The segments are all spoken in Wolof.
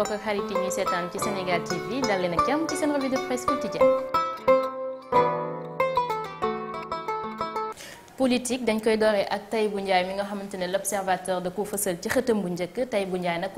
mbokk ak xarit yi ñuy seetaan ci Sénégal TV dal leen ak jàmm ci seen revue de presse quotidienne politique dañ koy dooree ak Tahibou Ndiaye mi nga xamante l'observateur da ko fësal ci xëtam bu njëkk Tahibou Ndiaye nag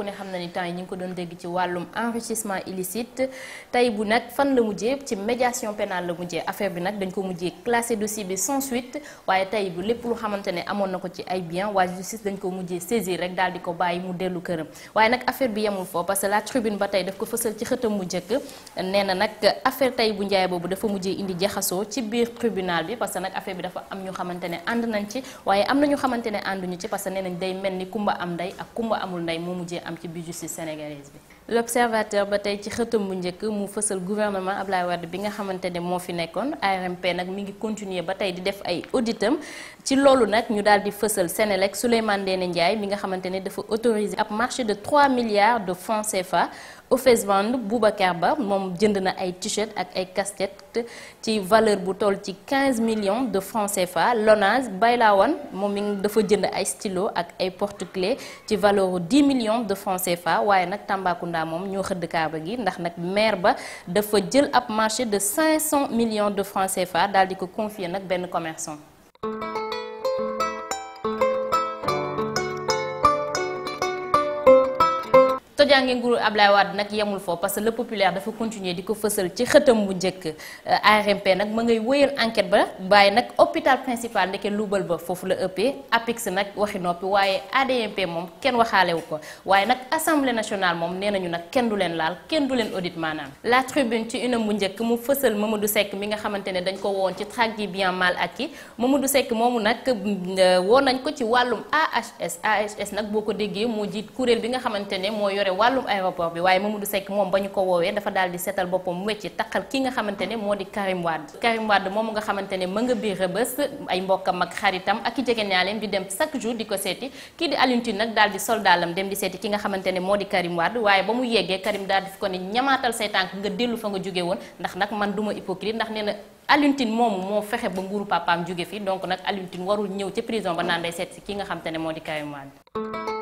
ku ne boobu dafa mujjee indi jaxasoo ci biir tribunal bi parce que nag bi dafa am ñu xamante ne ànd nañ ci waaye am na ñu xamante ne ànduñu ci parce que nee nañ day mel ni kumba am ndey ak kumba amul ndey moo mujjee am ci biir justice sénégalaise bi. l'observateur ba tey ci xëtam bu njëkk mu fësal gouvernement Abdoulaye Wade bi nga xamante ne moo fi nekkoon ARMP nag mi ngi continuer ba tey di def ay auditam ci loolu nag ñu daal di fësal Senelec Souleymane ne Ndiaye mi nga xamante ne dafa autoriser ab marché de 3 milliards de francs fa Au Boubacar Boubacarba moom a na t-shirt et ay casquette qui valeur bu toll 15 millions de francs CFA Lonase Bailawan moom mi dafa jënd stylo et ay porte clé ci valeur 10 millions de francs CFA waaye nag Tambacounda moom ñoo xëdd kaaba gi ndax nag maire ba dafa jël un marché de 500 millions de francs CFA d'aller di ko confier à ben commerçant. tojange nguuru Ablaye wad nak yemul foofu parce que le populaire dafa continuer di ko fësal ci xëtam bu njëkk euh, ARMP nag ma ngay wéyal enquête ba bàyyi nag hôpital principal ndeke luubal ba foofu la ëppee APIX nag waxi noppi waaye ADMP mom kenn waxaalewu ko waaye nag assemblée nationale moom nee nañu nag du leen laal kenn du leen audit maanaam la tribune ci une bu njëkk mu fësal Mamadou Seck mi nga xamante ne dañ ko woon ci traque gi bien mal acquis Mamadou Seck moomu nak euh, woon nañ ko ci wàllum AHS AHS nak boko ko déggee moo jiit bi nga wàllum aéroport bi waaye Mamadou Seck moom ba ñu ko woowee dafa daal di seetal boppam wecci takkal ki ne moo di Karim Wade Karim Wade ne ma nga biir rëbës ay mbokkam ak xaritam ak i jege ñaaleem di dem chaque jour di ko seeti kii di Alioune daal di soldaalam dem di seeti ki nga xamante ne moo di Karim Wade waaye ba mu yeggee Karim daal di fi ko ne ñamaatal say tànk nga dellu fa nga jóge woon ndax nag man du ma hypocrite ndax nee na Alioune Tine moomu moo fexe ba nguuru papaam jóge fi donc nag Alioune Tine warul ñëw ca prison ba naan day seet si ki nga xamante ne moo di Karim Wade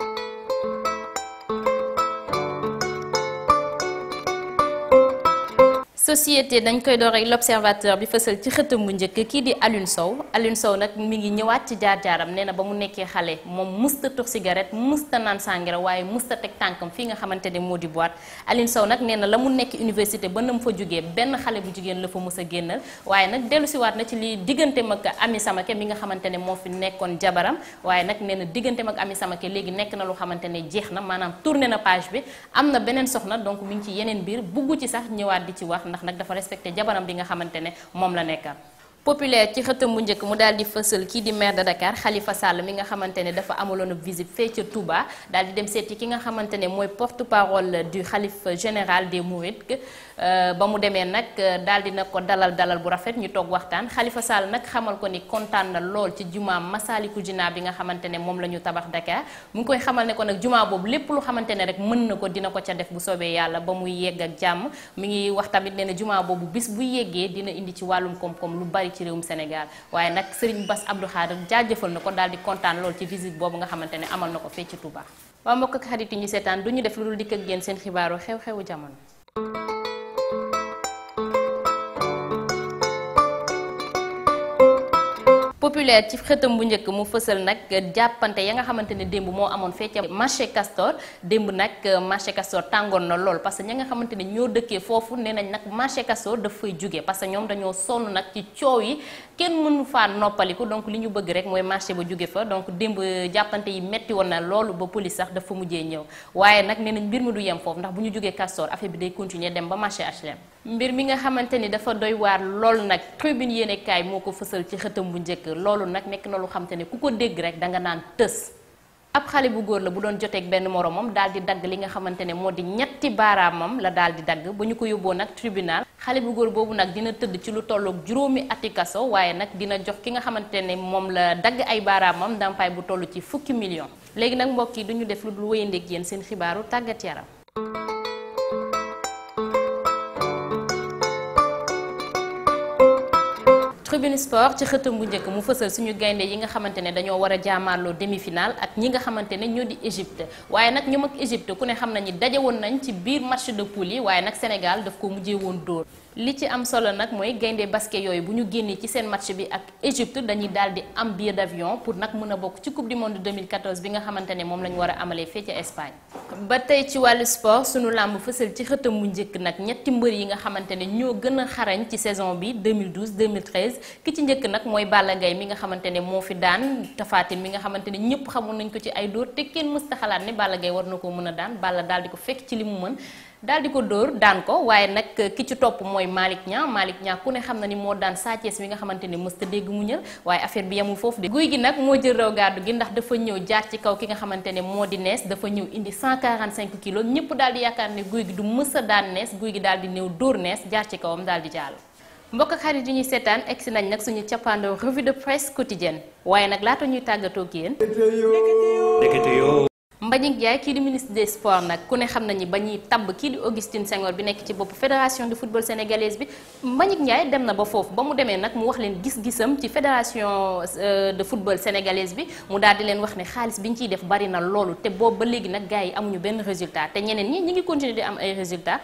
société dañ koy door ak l'observateur bi fësal ci xëtam bu njëkk kii di Alioune Sow Alioune Sow nag mi ngi ñëwaat ci jaar-jaaram nee na ba mu nekkee xale moom musta tux cigarette musta naan sàngara waaye musta teg tànkam fii nga xamante ne moo di boîte Alioune Sow nag nee na la mu nekk université ba na mu fa jógee benn xale bu jigéen la fa mës a génnal waaye nag dellu siwaat na ci lii diggante mag Ami Samake mi nga xamante ne moo fi nekkoon jabaram waaye nag nee na diggante mag Ami Samake léegi nekk na lu xamante ne jeex na maanaam tourné na page bi am na beneen soxna donc mi ngi ci yeneen biir bugg ci sax ñëwaat di ci wax ndax ndax nag dafa respecté jabaram bi nga xamante ne moom la nekkal populaire ci xëtam bu njëkk mu daal di fësal kii di maire de Dakar Khalifa Sall mi nga xamante ne dafa amaloon visite fee ca Touba daal di dem seeti ki nga xamante ne mooy porte parole du xalif général des Mourides euh, ba mu demee nag euh, daal di na ko dalal dalal bu rafet ñu toog waxtaan Khalifa Sall nag xamal ko ni kontaan lool ci jumaam Masaalikul Jinaan bi nga xamante ne moom la ñu tabax Dakar mu ngi koy xamal ne ko nag jumaa boobu lépp lu xamante ne rek mën na ko dina ko ca def bu soobee yàlla ba muy yegg ak jàmm mu ngi wax tamit ne ne jumaa boobu bis bu yeggee dina indi ci wàllum koom-koom lu bari bari ci réewum Sénégal waaye nag Serigne Bass Abdou Khadre jaajëfal na ko daal di kontaan lool ci visite boobu nga xamante ne amal na ko fee ci Touba. waaw mbokk ak xarit yi seetaan du ñu def lu dul dikk ak yéen seen xibaaru xew-xewu jamono. populaire ci xëtam bu njëkk mu fësal nag jàppante ya nga xamante ne démb moo amoon fee ca marché Castor démb nag euh, marché Castor tàngoon na lool parce que ña nga xamante ne ñoo dëkkee foofu nee nañ nag marché Castor daf fay jóge parce que ñoom dañoo sonn nag ci coow yi kenn mënu faa noppaliku donc li ñu bëgg rek mooy marché ba jóge fa donc démb jàppante yi metti woon na loolu ba police sax dafa mujjee ñëw waaye nag nee nañ mbir mi du yem ndax bu ñu jógee Castor affaire bi day continuer dem ba marché HLM. mbir mi nga xamante ni dafa doy waar loolu nag tribune yéenekaay moo ko fësal ci xëtam bu njëkk loolu nag nekk na lu xamante ne ku ko dégg rek da naan tës. ab xale bu góor la bu doon joteeg benn moromam daal di dagg li nga xamante ne moo di ñetti baaraamam la daal di dagg ba ñu ko yóbboo nag tribunal. xale bu góor boobu nag dina tëdd ci lu tollook juróomi ati waaye nag dina jox ki nga xamante ne moom la dagg ay baaraamam ndàmpaay bu toll ci fukki million léegi nag mbokk yi duñu def lu dul wéyandeeg yéen seen xibaaru tàggat yaram tribune sport ci xëtam bu njëkk mu fësal suñu gaynde yi nga xamante ne dañoo war a jaamaarloo demi-finale ak ñi nga xamante ne ñoo di Égypte waaye nag ñoom ak Égypte ku ne xam ñi daje woon nañ ci biir match de poule yi waaye nag Sénégal daf ko mujjee woon dóor li ci am solo nag mooy gaynde basket yooyu bu ñu génnee ci seen match bi ak Égypte dañuy daal di am billet d'avion pour nag mën a bokk ci coupe du monde 2014 bi nga xamante ne moom la ñu war a amalee fee ca Espagne. ba tey ci wàllu sport sunu làmb fësal ci xëtam mu njëkk nag ñetti mbër yi nga xamante ne ñoo gën a xarañ ci saison bi 2012 2013 ki ci njëkk nag mooy Balla Gaye mi nga xamante ne moo fi daan tafaatin mi nga xamante ne ñëpp xamoon nañ ko ci ay dóor te kenn mësta xalaat ne Balla Gaye war na koo mën a daan Balla daal di ko fekk ci li mu mën. daal di ko dóor daan ko waaye nag ki ci topp mooy Malick Niang Malick Niang ku ne xam na ni moo daan Sa Thiès nga xamante ni mës ta dégg mu ñël waaye affaire bi yemul foofu de guy gi nag moo jël raw gàddu gi ndax dafa ñëw jaar ci kaw ki nga xamante ne moo di nees dafa ñëw indi 145 kilos ñëpp daal di yaakaar ne guy gi du mës a daan nees guy gi daal di néew dóor nees jaar ci kawam daal di jàll mbokk ak xarit yi ñuy seetaan egsi nañ nag suñu cappaandoo revue de presse quotidienne waaye nag laata ñuy tàggatoo ak Mbagnick Ndiaye kii di ministre des sports nag ku ne xam na ñi ba ñuy tabb kii di Augustine Senghor bi nekk ci bopp fédération de football sénégalaise bi Mbagnick Ndiaye dem na ba foofu ba mu demee nag mu wax leen gis-gisam ci fédération euh, de football sénégalaise bi mu daal di leen wax ne xaalis bi ñu ciy def bari na loolu te boobu ba léegi nag gars yi amuñu benn résultat te ñeneen ñi ñu ngi continuer di am ay résultat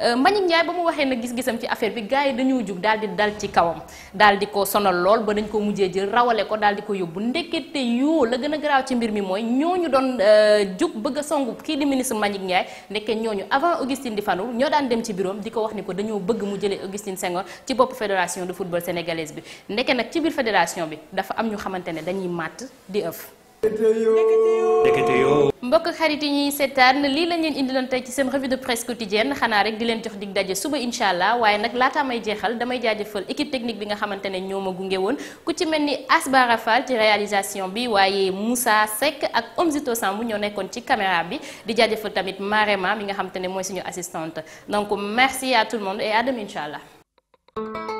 Euh, Mbagnick Ndiaye ba mu waxee na gis-gisam ci affaire bi gars yi dañoo jug daal di dal ci kawam dal di ko sonal lool ba dañ ko mujjee jël rawale ko daal di ko yóbbu ndekete yoo la gën a garaaw ci mbir mi mooy ñoo ñu doon euh, jug bëgg a songu kii di ministre Mbagnick Ndiaye ñoo ñu avant Augustine di fanu ñoo daan dem ci biiroom di ko wax ni ko dañoo bëgg mu jëlee Augustine Senghor ci bopp fédération de football sénégalaise bi ndekke nag ci biir fédération bi dafa am ñu xamante ne dañuy màtt di ëf mbokk xarit yi ñuy seetaan lii lañ indi indiloon tey ci seen revue de presse quotidienne xanaa rek di leen jox dig daje suba incha allah waaye nag laataa may jeexal damay jaajafal équipe technique bi nga xamante ne ñoo ma gunge woon ku ci mel ni Asbara Fall ci réalisation bi waaye Moussa sekk ak Omzito bu ñoo nekkoon ci caméra bi di jaajëfal tamit Marema bi nga xamante ne mooy suñu assistante donc merci à tout le monde et à demain allah